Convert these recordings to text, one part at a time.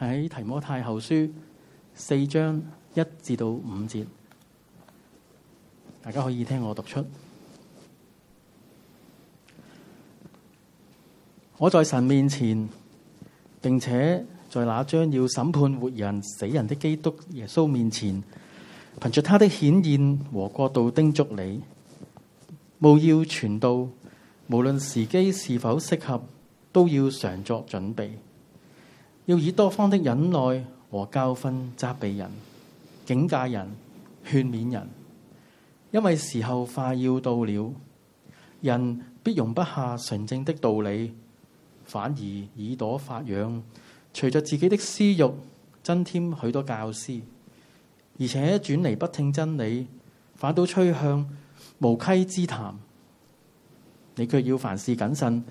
喺提摩太後書四章一至到五節，大家可以聽我讀出。我在神面前，並且在那將要審判活人死人的基督耶穌面前，憑着他的顯現和國度叮囑你，務要傳道，無論時機是否適合，都要常作準備。要以多方的忍耐和教訓責備人、警戒人、勸勉人，因為時候快要到了，人必容不下純正的道理，反而耳朵發癢，隨着自己的私欲增添許多教師，而且轉離不聽真理，反倒趨向無稽之談。你却要凡事謹慎，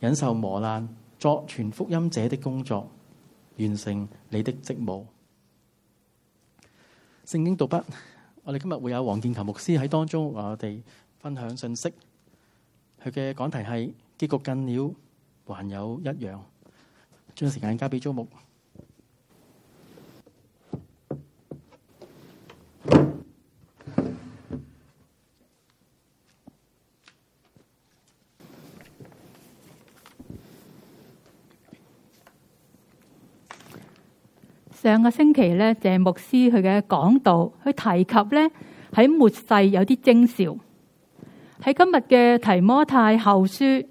忍受磨難，作傳福音者的工作。完成你的職務。聖經讀畢，我哋今日會有黃建球牧師喺當中，同我哋分享信息。佢嘅講題係結局近了，還有一樣。將時間交俾周牧。上個星期咧，謝牧師佢嘅講道，佢提及咧喺末世有啲徵兆。喺今日嘅提摩太後書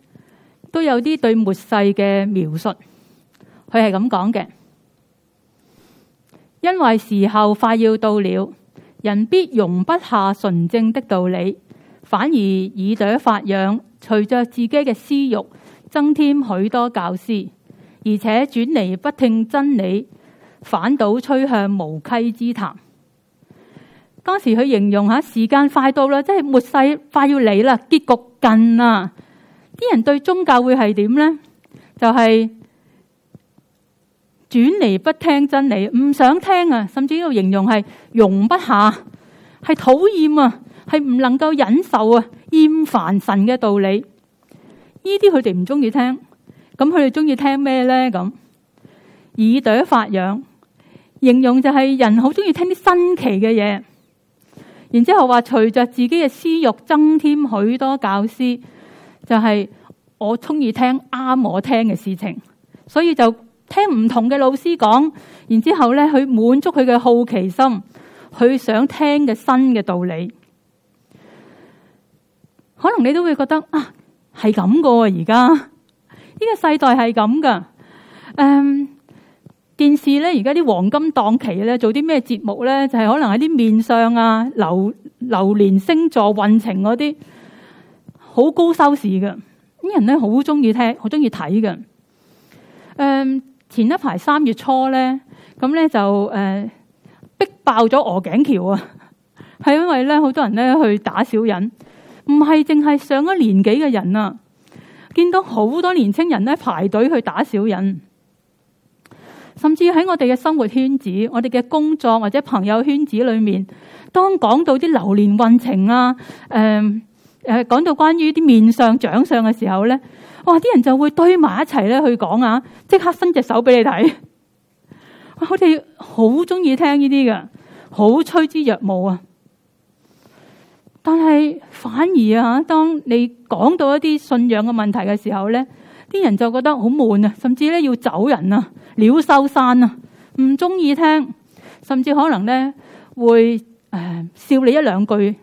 都有啲對末世嘅描述。佢係咁講嘅，因為時候快要到了，人必容不下純正的道理，反而耳朵發癢，隨着自己嘅私欲增添許多教師，而且轉離不聽真理。反倒吹向無稽之談。當時佢形容吓時間快到啦，即係末世快要嚟啦，結局近啦。啲人對宗教會係點咧？就係轉離不聽真理，唔想聽啊！甚至呢形容係容不下，係討厭啊，係唔能夠忍受啊，厭煩神嘅道理。呢啲佢哋唔中意聽，咁佢哋中意聽咩咧？咁耳朵發癢。形容就係人好中意聽啲新奇嘅嘢，然之後話隨着自己嘅私欲增添許多教師就是，就係我中意聽啱我聽嘅事情，所以就聽唔同嘅老師講，然之後咧去滿足佢嘅好奇心，佢想聽嘅新嘅道理，可能你都會覺得啊係咁噶，而家呢個世代係咁噶，嗯。電視咧，而家啲黃金檔期咧，做啲咩節目咧？就係、是、可能喺啲面相啊、流流年、星座運程嗰啲，好高收視嘅。啲人咧好中意聽，好中意睇嘅。誒、嗯，前一排三月初咧，咁咧就誒、呃、逼爆咗鵝頸橋啊！係因為咧，好多人咧去打小人，唔係淨係上咗年紀嘅人啊，見到好多年青人咧排隊去打小人。甚至喺我哋嘅生活圈子、我哋嘅工作或者朋友圈子裏面，當講到啲流年運程啊，誒、呃、誒，講到關於啲面相掌上長相嘅時候咧，哇！啲人就會堆埋一齊咧去講啊，即刻伸隻手俾你睇。我哋好中意聽呢啲嘅，好趨之若鶩啊！但係反而啊，當你講到一啲信仰嘅問題嘅時候咧。啲人就覺得好悶啊，甚至咧要走人啊，了收山啊，唔中意聽，甚至可能咧會誒笑你一兩句，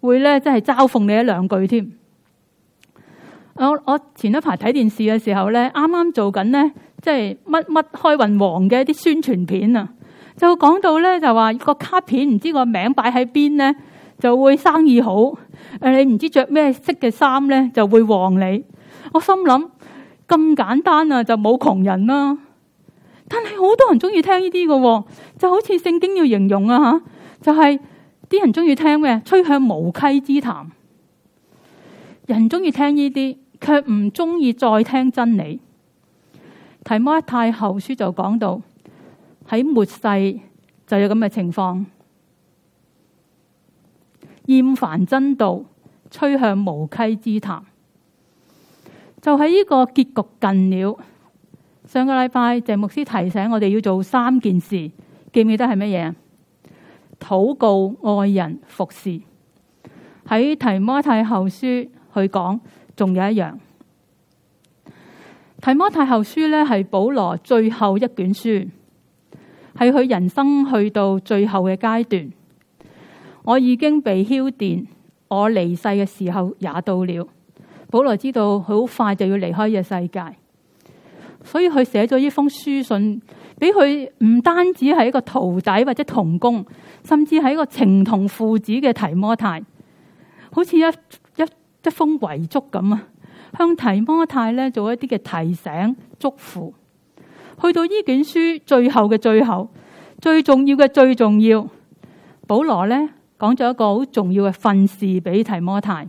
會咧即係嘲諷你一兩句添。我我前一排睇電視嘅時候咧，啱啱做緊咧，即係乜乜開運王嘅一啲宣傳片啊，就講到咧就話個卡片唔知個名擺喺邊咧，就會生意好。誒你唔知著咩色嘅衫咧，就會旺你。我心諗，咁簡單啊，就冇窮人啦。但係好多人中意聽呢啲嘅，就好似聖經要形容啊吓，就係啲人中意聽嘅，吹向無稽之談。人中意聽呢啲，卻唔中意再聽真理。提摩太後書就講到，喺末世就有咁嘅情況，厭煩真道，吹向無稽之談。就喺呢個結局近了。上個禮拜，鄭牧師提醒我哋要做三件事，記唔記得係乜嘢？禱告、愛人、服侍。喺提摩太後書去講，仲有一樣。提摩太後書呢係保羅最後一卷書，是佢人生去到最後嘅階段。我已經被澆奠，我離世嘅時候也到了。保羅知道佢好快就要離開呢個世界，所以佢寫咗呢封書信俾佢，唔單止係一個徒弟或者同工，甚至係一個情同父子嘅提摩太，好似一一一封遺囑咁啊！向提摩太咧做一啲嘅提醒、祝福。去到呢卷書最後嘅最後，最重要嘅最重要，保羅咧講咗一個好重要嘅訓示俾提摩太。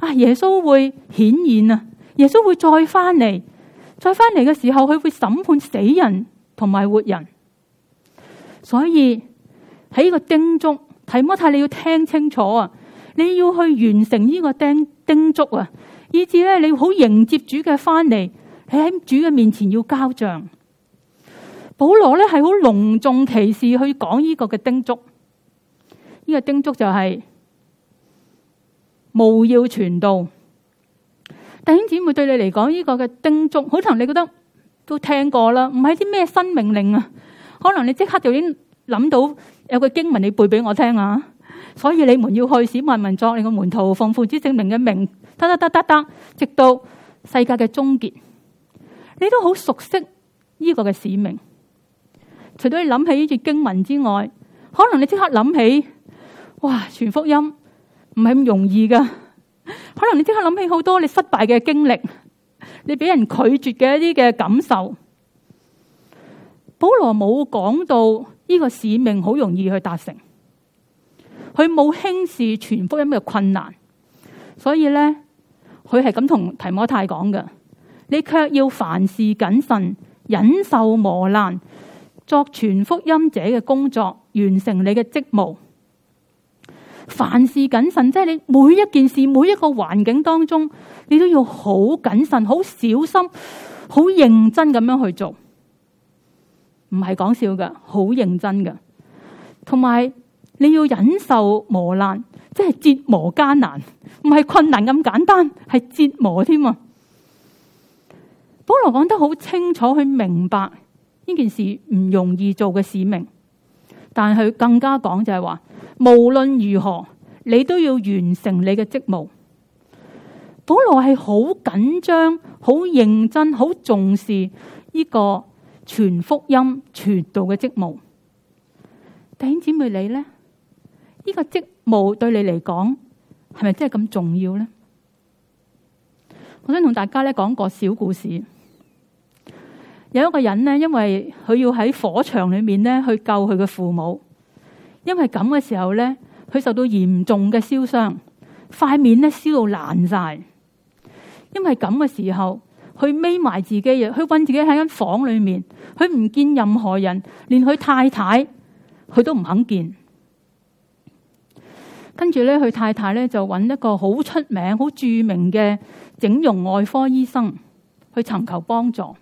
啊！耶穌會顯現啊！耶穌會再翻嚟，再翻嚟嘅時候，佢會審判死人同埋活人。所以喺呢個叮囑提摩太，你要聽清楚啊！你要去完成呢個叮叮囑啊，以至咧，你好迎接主嘅翻嚟，你喺主嘅面前要交賬。保羅咧係好隆重其事去講呢個嘅叮囑，呢、呢個叮囑就係、是。務要傳道。弟兄姊妹，對你嚟講，呢個嘅叮囑，可能你覺得都聽過啦，唔係啲咩新命令啊？可能你即刻就已經諗到有句經文你背俾我聽啊！所以你們要去使萬民作你嘅門徒，奉父子聖靈嘅名，得得得得得，直到世界嘅終結。你都好熟悉呢個嘅使命。除咗你諗起呢段經文之外，可能你即刻諗起，哇！傳福音。唔係咁容易噶，可能你即刻諗起好多你失敗嘅經歷，你俾人拒絕嘅一啲嘅感受。保羅冇講到呢個使命好容易去達成，佢冇輕視傳福音嘅困難，所以咧佢係咁同提摩太講嘅，你卻要凡事謹慎，忍受磨難，作傳福音者嘅工作，完成你嘅職務。凡事謹慎，即係你每一件事、每一個環境當中，你都要好謹慎、好小心、好認真咁樣去做，唔係講笑嘅，好認真嘅。同埋你要忍受磨難，即係折磨艱難，唔係困難咁簡單，係折磨添啊！保羅講得好清楚，去明白呢件事唔容易做嘅使命。但佢更加講就係話，無論如何你都要完成你嘅職務。保羅係好緊張、好認真、好重視呢個傳福音、傳道嘅職務。弟兄姊妹你呢？呢、呢個職務對你嚟講係咪真係咁重要呢？我想同大家咧講個小故事。有一個人呢，因為佢要喺火場裏面咧去救佢嘅父母，因為咁嘅時候咧，佢受到嚴重嘅燒傷，塊面咧燒到爛晒。因為咁嘅時候，佢匿埋自己，佢困自己喺間房裏面，佢唔見任何人，連佢太太佢都唔肯見。跟住咧，佢太太咧就揾一個好出名、好著名嘅整容外科醫生去尋求幫助。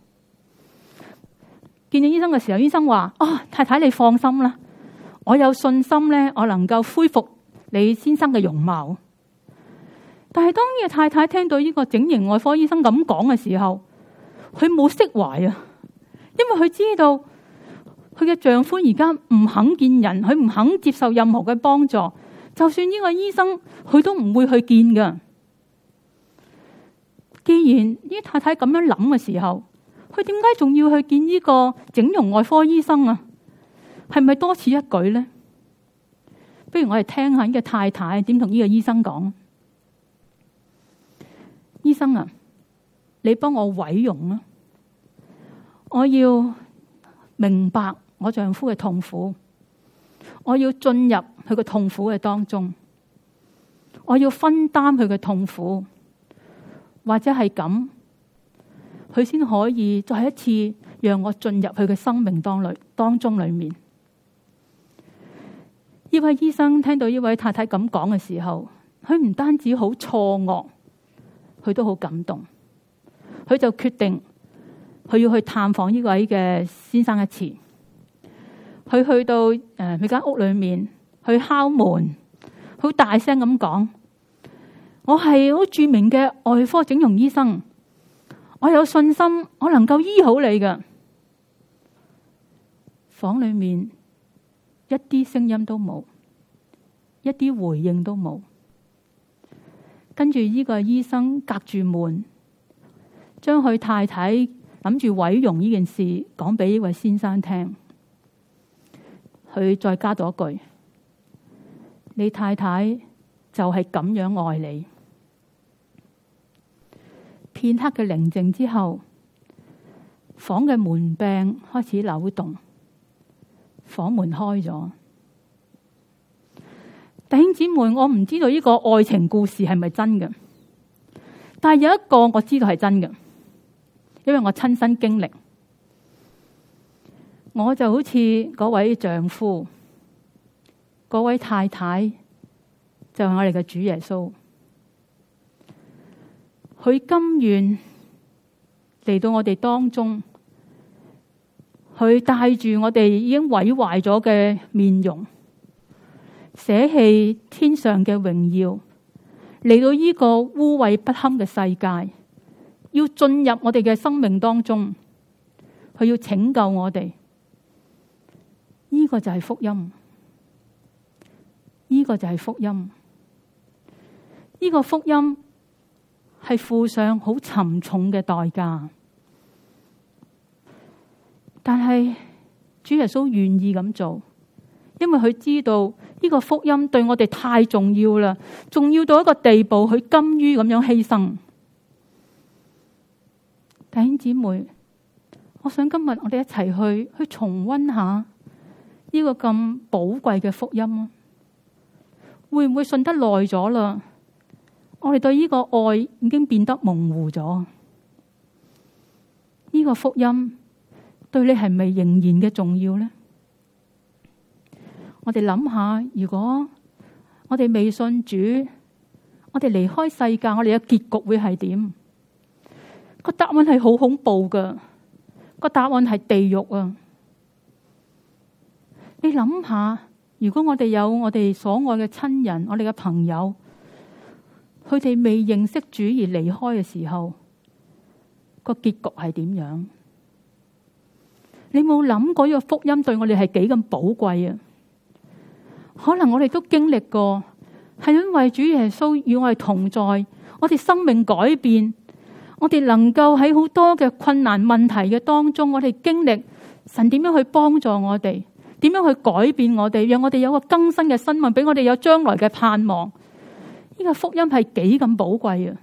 見醫生嘅時候，醫生話：哦，太太你放心啦，我有信心咧，我能夠恢復你先生嘅容貌。但係當呢個太太聽到呢個整形外科醫生咁講嘅時候，佢冇釋懷啊，因為佢知道佢嘅丈夫而家唔肯見人，佢唔肯接受任何嘅幫助，就算呢個醫生佢都唔會去見噶。既然呢太太咁樣諗嘅時候，佢點解仲要去見呢個整容外科醫生啊？係咪多此一舉咧？不如我哋聽下呢個太太點同呢個醫生講。醫生啊，你幫我毀容啊！我要明白我丈夫嘅痛苦，我要進入佢個痛苦嘅當中，我要分擔佢嘅痛苦，或者係咁。佢先可以再一次讓我進入佢嘅生命當裏當中裏面。呢位醫生聽到呢位太太咁講嘅時候，佢唔單止好錯愕，佢都好感動。佢就決定佢要去探訪呢位嘅先生一次。佢去到誒佢間屋裏面去敲門，佢大聲咁講：我係好著名嘅外科整容醫生。我有信心，我能夠醫好你㗎。房裏面一啲聲音都冇，一啲回應都冇。跟住呢個醫生隔住門，將佢太太諗住毀容呢件事講俾呢位先生聽。佢再加咗一句：你太太就係咁樣愛你。片刻嘅寧靜之後，房嘅門柄開始扭動，房門開咗。弟兄姊妹，我唔知道呢個愛情故事係咪真嘅，但係有一個我知道係真嘅，因為我親身經歷，我就好似嗰位丈夫，嗰位太太，就係我哋嘅主耶穌。佢甘願嚟到我哋當中，佢帶住我哋已經毀壞咗嘅面容，捨棄天上嘅榮耀，嚟到呢個污穢不堪嘅世界，要進入我哋嘅生命當中，佢要拯救我哋。呢個就係福音，呢個就係福音，呢個福音。係付上好沉重嘅代價，但係主耶穌願意咁做，因為佢知道呢個福音對我哋太重要啦，重要到一個地步，佢甘於咁樣犧牲。弟兄姊妹，我想今日我哋一齊去去重溫下呢個咁寶貴嘅福音，會唔會信得耐咗啦？我哋對呢個愛已經變得模糊咗，呢個福音對你係咪仍然嘅重要呢？我哋諗下，如果我哋未信主，我哋離開世界，我哋嘅結局會係點？個答案係好恐怖㗎，個答案係地獄啊！你諗下，如果我哋有我哋所愛嘅親人，我哋嘅朋友。佢哋未認識主而離開嘅時候，個結局係點樣？你冇諗過呢個福音對我哋係幾咁寶貴啊？可能我哋都經歷過，係因為主耶穌與我哋同在，我哋生命改變，我哋能夠喺好多嘅困難問題嘅當中，我哋經歷神點樣去幫助我哋，點樣去改變我哋，讓我哋有個更新嘅生命，俾我哋有將來嘅盼望。呢個福音係幾咁寶貴啊！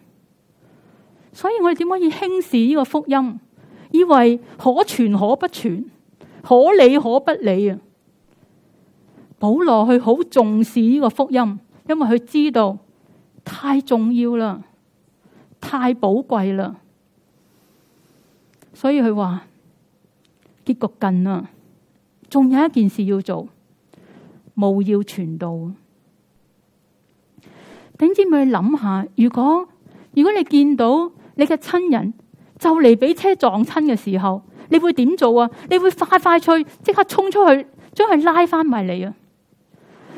所以我哋點可以輕視呢個福音，以為可傳可不傳，可理可不理啊？保羅去好重視呢個福音，因為佢知道太重要啦，太寶貴啦。所以佢話結局近啊，仲有一件事要做，務要傳道。頂知咪去諗下，如果如果你見到你嘅親人就嚟俾車撞親嘅時候，你會點做啊？你會快快脆，即刻衝出去將佢拉翻埋嚟啊！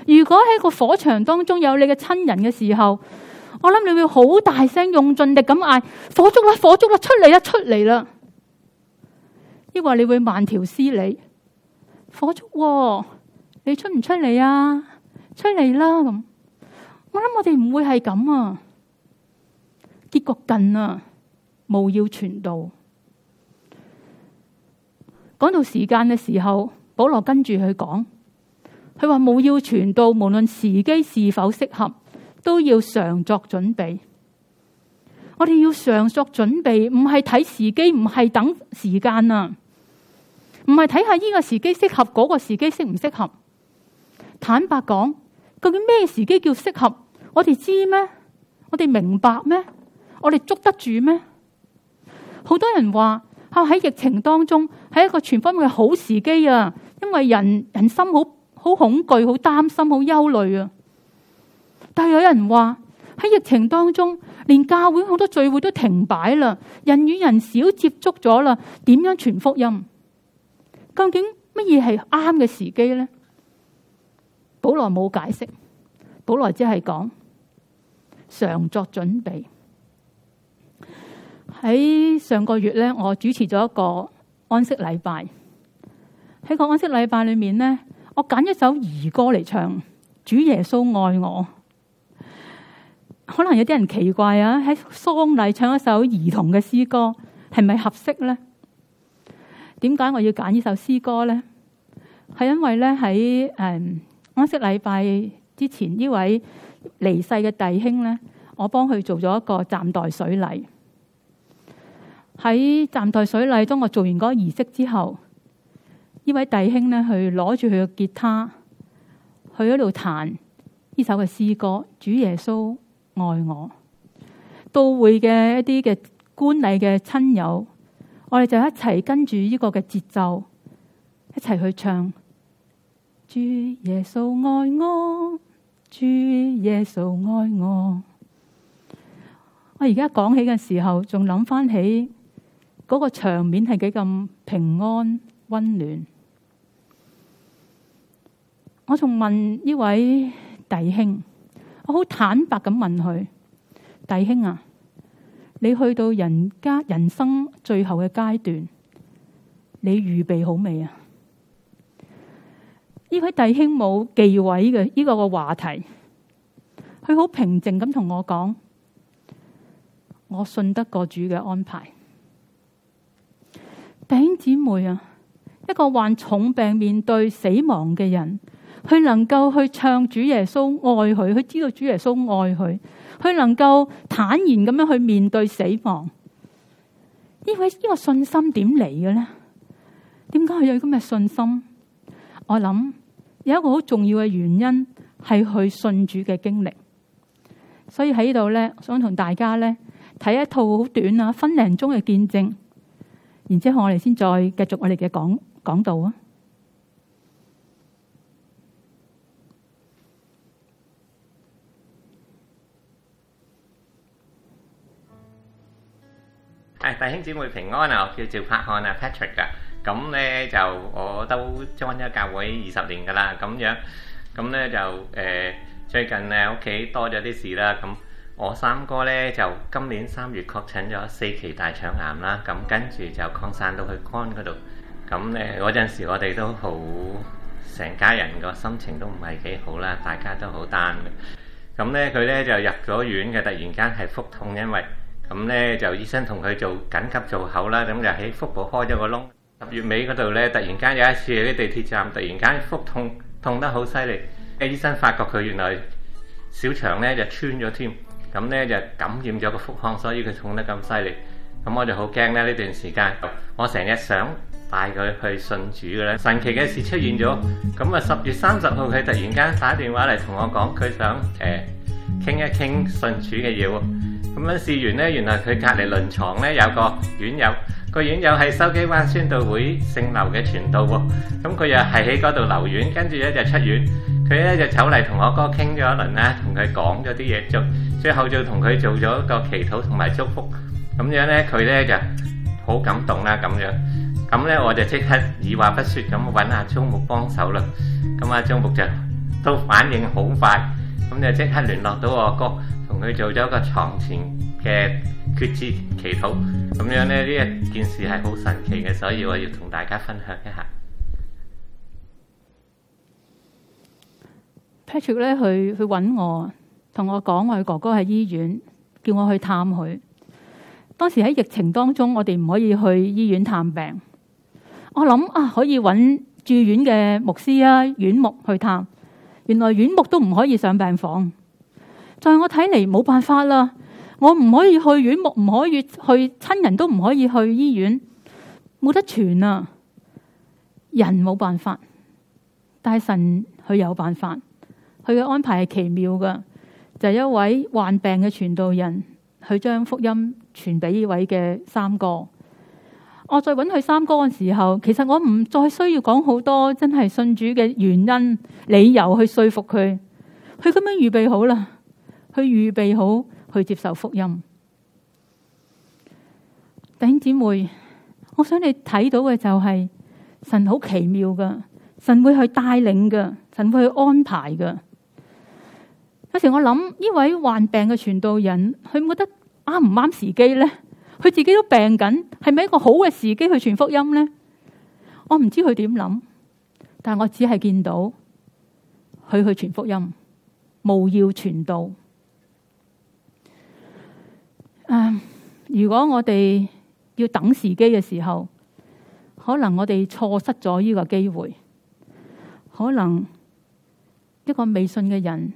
如果喺個火場當中有你嘅親人嘅時候，我諗你會好大聲用盡力咁嗌：火燭啦，火燭啦，出嚟啦，出嚟啦！抑或你會慢條斯理：火燭、哦，你出唔出嚟啊？出嚟啦咁。我諗我哋唔會係咁啊！結局近啊，務要傳道。講到時間嘅時候，保羅跟住佢講，佢話務要傳道，無論時機是否適合，都要常作準備。我哋要常作準備，唔係睇時機，唔係等時間啊，唔係睇下呢個時機適合嗰個時機適唔適合。坦白講。究竟咩時機叫適合？我哋知咩？我哋明白咩？我哋捉得住咩？好多人話喺喺疫情當中，係一個全方面嘅好時機啊！因為人人心好好恐懼、好擔心、好憂慮啊！但係有人話喺疫情當中，連教會好多聚會都停擺啦，人與人少接觸咗啦，點樣傳福音？究竟乜嘢係啱嘅時機咧？保羅冇解釋，保羅只係講常作準備。喺上個月咧，我主持咗一個安息禮拜。喺個安息禮拜裏面咧，我揀一首兒歌嚟唱《主耶穌愛我》。可能有啲人奇怪啊，喺喪禮唱一首兒童嘅詩歌，係咪合適咧？點解我要揀呢首詩歌咧？係因為咧喺誒。我識禮拜之前呢位離世嘅弟兄呢，我幫佢做咗一個暫代水禮。喺暫代水禮中，當我做完嗰個儀式之後，呢位弟兄呢，去攞住佢嘅吉他，去喺度彈呢首嘅詩歌《主耶穌愛我》。到會嘅一啲嘅觀禮嘅親友，我哋就一齊跟住呢個嘅節奏，一齊去唱。主耶穌愛我，主耶穌愛我。我而家講起嘅時候，仲諗翻起嗰個場面係幾咁平安溫暖。我仲問呢位弟兄，我好坦白咁問佢：弟兄啊，你去到人家人生最後嘅階段，你預備好未啊？呢位弟兄冇忌諱嘅呢個嘅話題，佢好平靜咁同我講：我信得過主嘅安排。弟兄姊妹啊，一個患重病面對死亡嘅人，佢能夠去唱主耶穌愛佢，佢知道主耶穌愛佢，佢能夠坦然咁樣去面對死亡。呢位呢個信心點嚟嘅咧？點解佢有咁嘅信心？我諗有一個好重要嘅原因係去信主嘅經歷，所以喺呢度咧，想同大家咧睇一套好短啊，分零鐘嘅見證，然之後我哋先再繼續我哋嘅講講道啊！誒，弟兄姊妹平安啊！我叫趙柏翰啊，Patrick 啊。咁咧就我都 join 咗教會二十年㗎啦，咁樣咁咧就誒最近咧屋企多咗啲事啦。咁我三哥咧就今年三月確診咗四期大腸癌啦，咁跟住就擴散到去肝嗰度。咁咧嗰陣時，我哋都好成家人個心情都唔係幾好啦，大家都好 down。咁咧佢咧就入咗院嘅，突然間係腹痛，因為咁咧就醫生同佢做緊急造口啦，咁就喺腹部開咗個窿。十月尾嗰度呢，突然間有一次喺啲地鐵站突然間腹痛，痛得好犀利，誒醫生發覺佢原來小腸呢就穿咗添，咁呢就感染咗個腹腔，所以佢痛得咁犀利。咁我就好驚呢。呢段時間，我成日想帶佢去信主嘅咧。神奇嘅事出現咗，咁啊十月三十號佢突然間打電話嚟同我講，佢想誒傾、欸、一傾信主嘅嘢喎。咁樣試完呢，原來佢隔離鄰床呢有個院友。個院友係筲箕灣宣道會姓劉嘅傳道喎，咁佢又係喺嗰度留院，跟住咧就出院，佢咧就走嚟同我哥傾咗一輪啦，同佢講咗啲嘢，做，最後就同佢做咗個祈禱同埋祝福，咁樣咧佢咧就好感動啦咁樣，咁咧我就即刻二話不說咁搵阿鍾木幫手啦，咁阿鍾木就都反應好快，咁就即刻聯絡到我哥，同佢做咗個床前嘅。決志祈禱，咁樣呢，呢一件事係好神奇嘅，所以我要同大家分享一下。Patrick 咧去去揾我，同我講我哥哥喺醫院，叫我去探佢。當時喺疫情當中，我哋唔可以去醫院探病。我諗啊，可以揾住院嘅牧師啊、院牧去探。原來院牧都唔可以上病房，在我睇嚟冇辦法啦。我唔可以去，院牧唔可以去，親人都唔可以去醫院，冇得傳啊！人冇辦法，但係神佢有辦法，佢嘅安排係奇妙㗎，就係一位患病嘅傳道人，佢將福音傳俾呢位嘅三哥。我再揾佢三哥嘅時候，其實我唔再需要講好多真係信主嘅原因、理由去說服佢。佢咁樣預備好啦，佢預備好，去接受福音，弟兄姊妹，我想你睇到嘅就係神好奇妙嘅，神會去帶領嘅，神會去安排嘅。有時我諗呢位患病嘅傳道人，佢覺得啱唔啱時機咧？佢自己都病緊，係咪一個好嘅時機去傳福音咧？我唔知佢點諗，但我只係見到佢去傳福音，務要傳道。如果我哋要等時機嘅時候，可能我哋錯失咗呢個機會，可能一個未信嘅人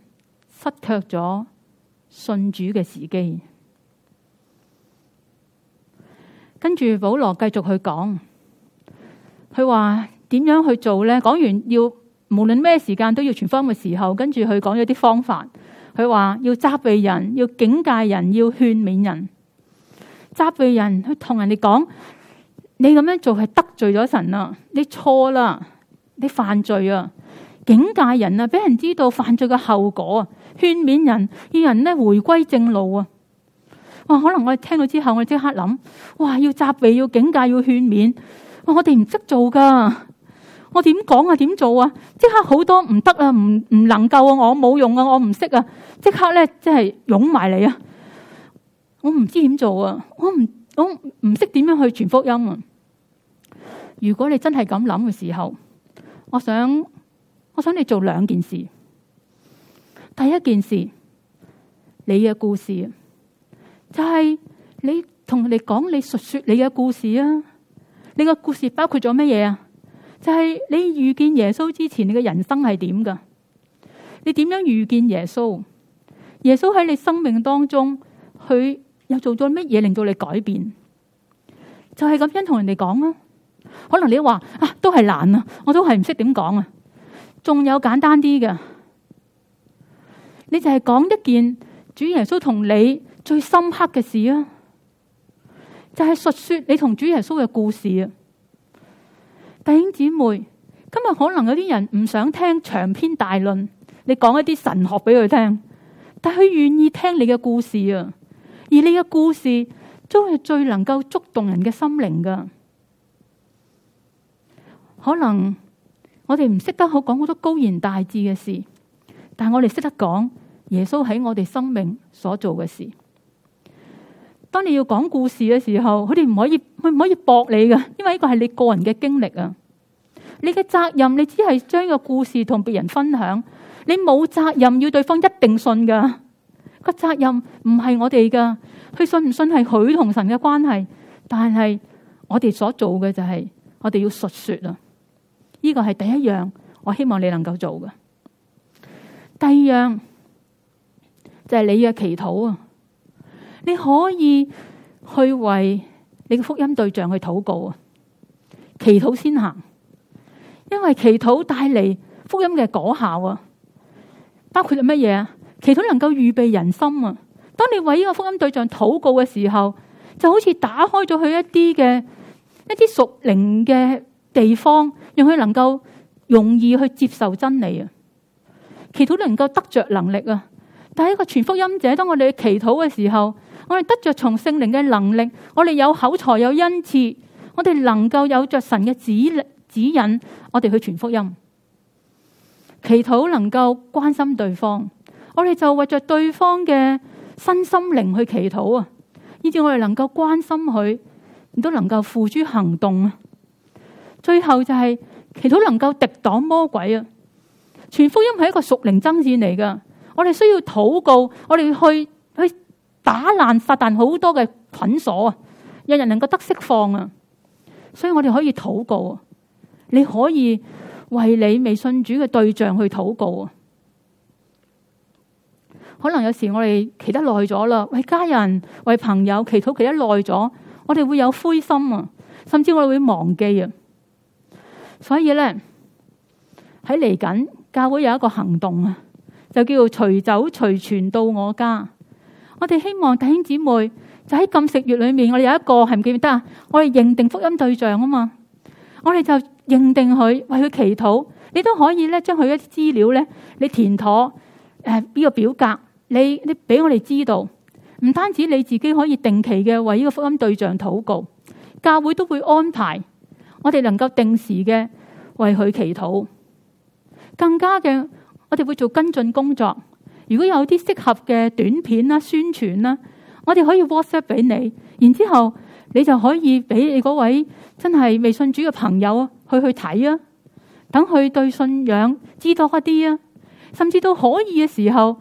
失卻咗信主嘅時機。跟住保羅繼續去講，佢話點樣去做咧？講完要無論咩時間都要傳福音嘅時候，跟住佢講咗啲方法。佢話要責備人，要警戒人，要勸勉人。責備人去同人哋講，你咁樣做係得罪咗神啦，你錯啦，你犯罪啊！警戒人啊，俾人知道犯罪嘅後果啊！勸勉人，要人咧回歸正路啊！哇，可能我哋聽到之後，我哋即刻諗，哇，要責備，要警戒，要勸勉，哇，我哋唔識做噶。我點講啊？點做啊？即刻好多唔得啊！唔唔能夠啊！我冇用啊！我唔識啊！即刻咧，即係湧埋你啊！我唔知點做啊！我唔我唔識點樣去傳福音啊！如果你真係咁諗嘅時候，我想我想你做兩件事。第一件事，你嘅故事就係、是、你同你講你述說你嘅故事啊！你嘅故事包括咗乜嘢啊？就係你遇見耶穌之前，你嘅人生係點噶？你點樣遇見耶穌？耶穌喺你生命當中，佢又做咗乜嘢令到你改變？就係咁樣同人哋講啊！可能你話啊，都係難啊，我都係唔識點講啊。仲有簡單啲嘅，你就係講一件主耶穌同你最深刻嘅事啊！就係述說你同主耶穌嘅故事啊！弟兄姊妹，今日可能有啲人唔想聽長篇大論，你講一啲神學俾佢聽，但佢願意聽你嘅故事啊。而你嘅故事都係最能夠觸動人嘅心靈噶。可能我哋唔識得好講好多高言大智嘅事，但我哋識得講耶穌喺我哋生命所做嘅事。當你要講故事嘅時候，佢哋唔可以，佢唔可以駁你噶，因為呢個係你個人嘅經歷啊。你嘅責任，你只係將個故事同別人分享，你冇責任要對方一定信噶。個責任唔係我哋噶，佢信唔信係佢同神嘅關係，但係我哋所做嘅就係我哋要述說啊。呢個係第一樣，我希望你能夠做嘅。第二樣就係、是、你嘅祈禱啊。你可以去為你嘅福音對象去禱告啊，祈禱先行，因為祈禱帶嚟福音嘅果效啊，包括咗乜嘢啊？祈禱能夠預備人心啊。當你為呢個福音對象禱告嘅時候，就好似打開咗佢一啲嘅一啲屬靈嘅地方，讓佢能夠容易去接受真理啊。祈禱能夠得着能力啊。但係一個全福音者，當我哋祈禱嘅時候，我哋得着從聖靈嘅能力，我哋有口才有恩賜，我哋能夠有着神嘅指指引，我哋去傳福音，祈禱能夠關心對方，我哋就為着對方嘅身心靈去祈禱啊！以致我哋能夠關心佢，亦都能夠付諸行動啊！最後就係祈禱能夠敵擋魔鬼啊！傳福音係一個屬靈爭戰嚟噶，我哋需要禱告，我哋去。打爛撒但好多嘅捆鎖啊，讓人，人能夠得釋放啊！所以我哋可以禱告啊，你可以為你未信主嘅對象去禱告啊。可能有時我哋企得耐咗啦，為家人為朋友祈禱企得耐咗，我哋會有灰心啊，甚至我哋會忘記啊。所以咧，喺嚟緊教會有一個行動啊，就叫隨走隨傳到我家。我哋希望弟兄姊妹就喺禁食月裏面，我哋有一個係唔記得啊！我哋認定福音對象啊嘛，我哋就認定佢，為佢祈禱。你都可以咧，將佢一啲資料咧，你填妥誒呢個表格，你你俾我哋知道。唔單止你自己可以定期嘅為呢個福音對象禱告，教會都會安排我哋能夠定時嘅為佢祈禱，更加嘅我哋會做跟進工作。如果有啲適合嘅短片啦、宣傳啦，我哋可以 WhatsApp 俾你，然之後你就可以俾你嗰位真係未信主嘅朋友去去睇啊，等佢對信仰知多一啲啊，甚至都可以嘅時候，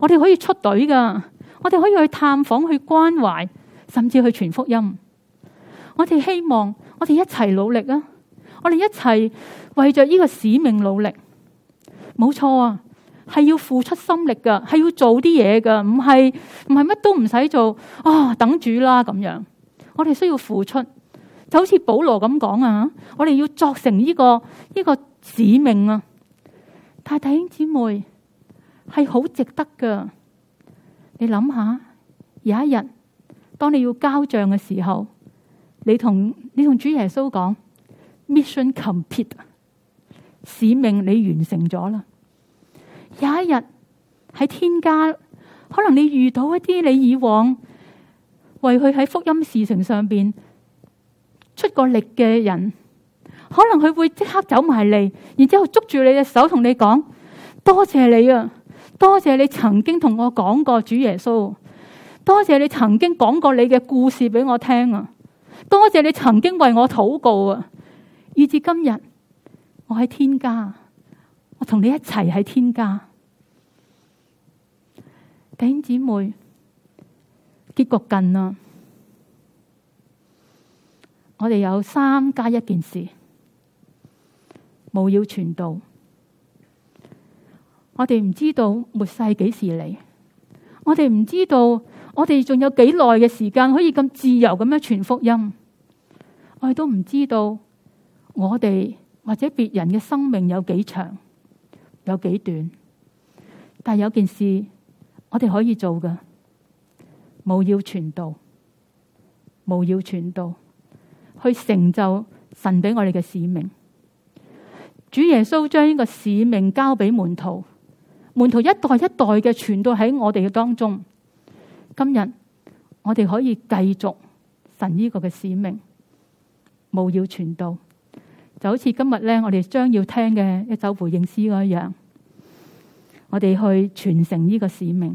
我哋可以出隊噶，我哋可以去探訪、去關懷，甚至去傳福音。我哋希望我哋一齊努力啊！我哋一齊為着呢個使命努力，冇錯啊！係要付出心力噶，係要做啲嘢噶，唔係唔係乜都唔使做啊、哦！等主啦咁樣，我哋需要付出，就好似保羅咁講啊！我哋要作成呢、呢個呢、呢個使命啊！太太兄姊妹係好值得噶，你諗下，有一日當你要交賬嘅時候，你同你同主耶穌講 mission complete，使命你完成咗啦。有一日喺天家，可能你遇到一啲你以往為佢喺福音事情上邊出過力嘅人，可能佢會即刻走埋嚟，然之後捉住你嘅手同你講：多謝你啊，多謝你曾經同我講過主耶穌，多謝你曾經講過你嘅故事俾我聽啊，多謝你曾經為我禱告啊，以至今日我喺天家，我同你一齊喺天家。弟兄姊妹，結局近啦。我哋有三加一件事，務要傳道。我哋唔知道末世幾時嚟，我哋唔知道我哋仲有幾耐嘅時間可以咁自由咁樣傳福音，我哋都唔知道我哋或者別人嘅生命有幾長，有幾短。但有件事。我哋可以做嘅，務要傳道，務要傳道，去成就神畀我哋嘅使命。主耶穌將呢個使命交畀門徒，門徒一代一代嘅傳到喺我哋嘅當中。今日我哋可以繼續神呢個嘅使命，務要傳道，就好似今日呢，我哋將要聽嘅一首回應詩一樣。我哋去傳承呢個使命。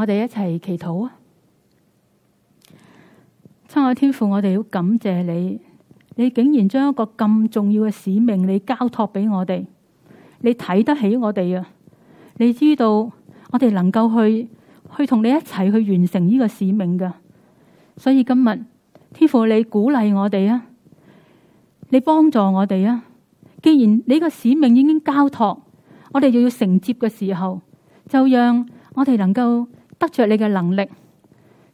我哋一齊祈禱啊！親愛天父，我哋好感謝你，你竟然將一個咁重要嘅使命你託，你交託俾我哋，你睇得起我哋啊！你知道我哋能夠去去同你一齊去完成呢個使命嘅，所以今日天，天父，你鼓勵我哋啊，你幫助我哋啊！既然你個使命已經交託，我哋又要承接嘅時候，就讓我哋能夠。得著你嘅能力，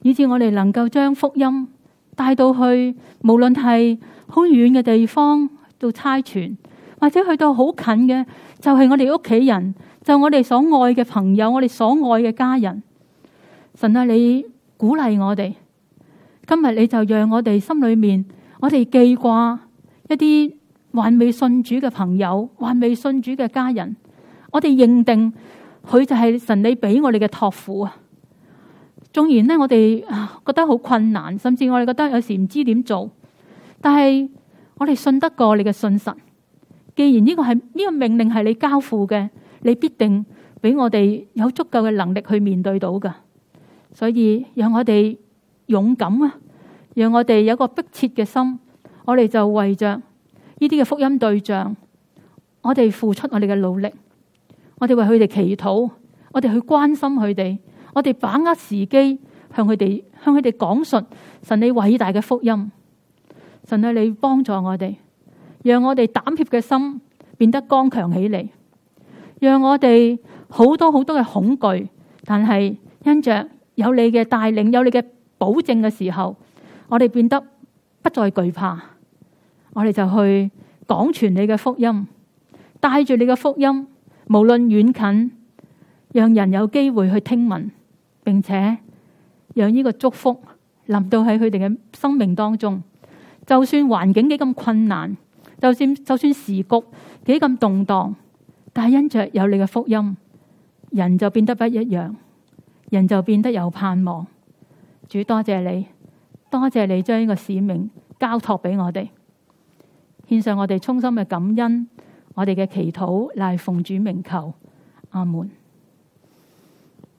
以致我哋能夠將福音帶到去，無論係好遠嘅地方做差傳，或者去到好近嘅，就係我哋屋企人，就我哋所愛嘅朋友，我哋所愛嘅家人。神啊，你鼓勵我哋，今日你就讓我哋心裏面，我哋記掛一啲還未信主嘅朋友，還未信主嘅家人，我哋認定佢就係神你俾我哋嘅託付啊！縱然咧，我哋覺得好困難，甚至我哋覺得有時唔知點做，但係我哋信得過你嘅信實。既然呢個係呢個命令係你交付嘅，你必定俾我哋有足夠嘅能力去面對到噶。所以讓我哋勇敢啊！讓我哋有一個迫切嘅心，我哋就為着呢啲嘅福音對象，我哋付出我哋嘅努力，我哋為佢哋祈禱，我哋去關心佢哋。我哋把握時機，向佢哋向佢哋講述神你偉大嘅福音。神啊，你幫助我哋，讓我哋膽怯嘅心變得剛強起嚟，讓我哋好多好多嘅恐懼。但係因着有你嘅帶領，有你嘅保證嘅時候，我哋變得不再懼怕。我哋就去講傳你嘅福音，帶住你嘅福音，無論遠近，讓人有機會去聽聞。並且讓呢個祝福臨到喺佢哋嘅生命當中，就算環境幾咁困難，就算就算時局幾咁動盪，但係因着有你嘅福音，人就變得不一樣，人就變得有盼望。主多謝你，多謝你將呢個使命交託俾我哋，獻上我哋衷心嘅感恩，我哋嘅祈禱乃奉主名求，阿門。